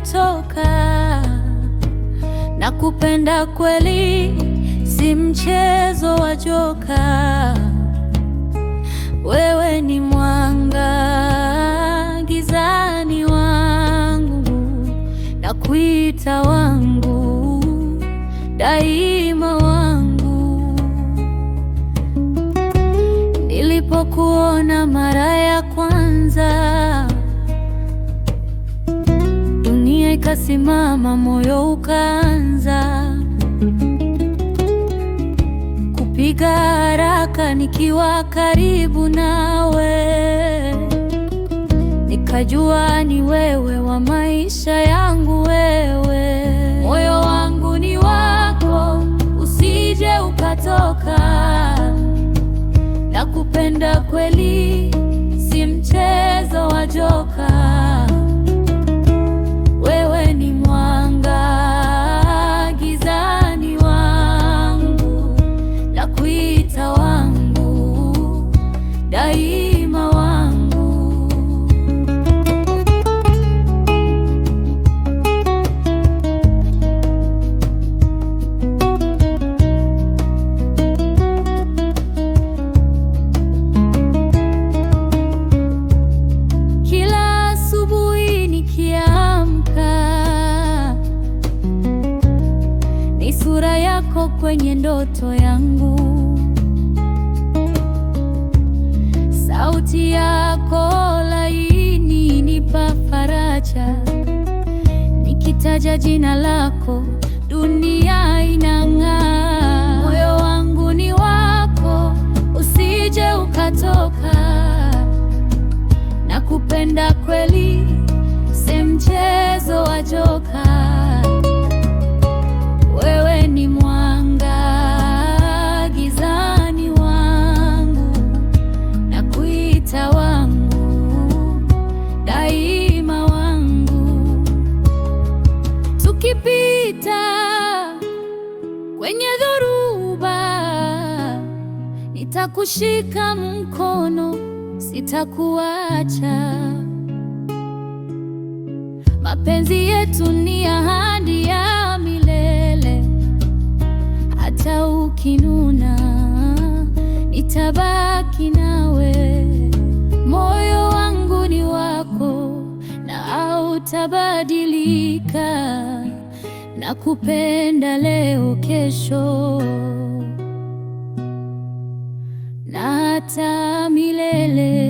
nilikotoka na kupenda kweli, si mchezo wa joka. Wewe ni mwanga gizani wangu na kuita wangu daima wangu. Nilipokuona mara ya kwanza nikasimama, moyo ukaanza kupiga haraka, nikiwa karibu nawe nikajua ni wewe wa maisha yangu, wewe moyo wangu ni wako, usije ukatoka, nakupenda kweli. yako kwenye ndoto yangu, sauti yako laini nipa faraja, nikitaja jina lako dunia inang'aa. Moyo wangu ni wako, usije ukatoka, nakupenda kweli, semje Nitakushika mkono, sitakuacha. Mapenzi yetu ni ahadi ya milele, hata ukinuna, nitabaki nawe. Moyo wangu ni wako na hautabadilika, nakupenda leo, kesho hata milele.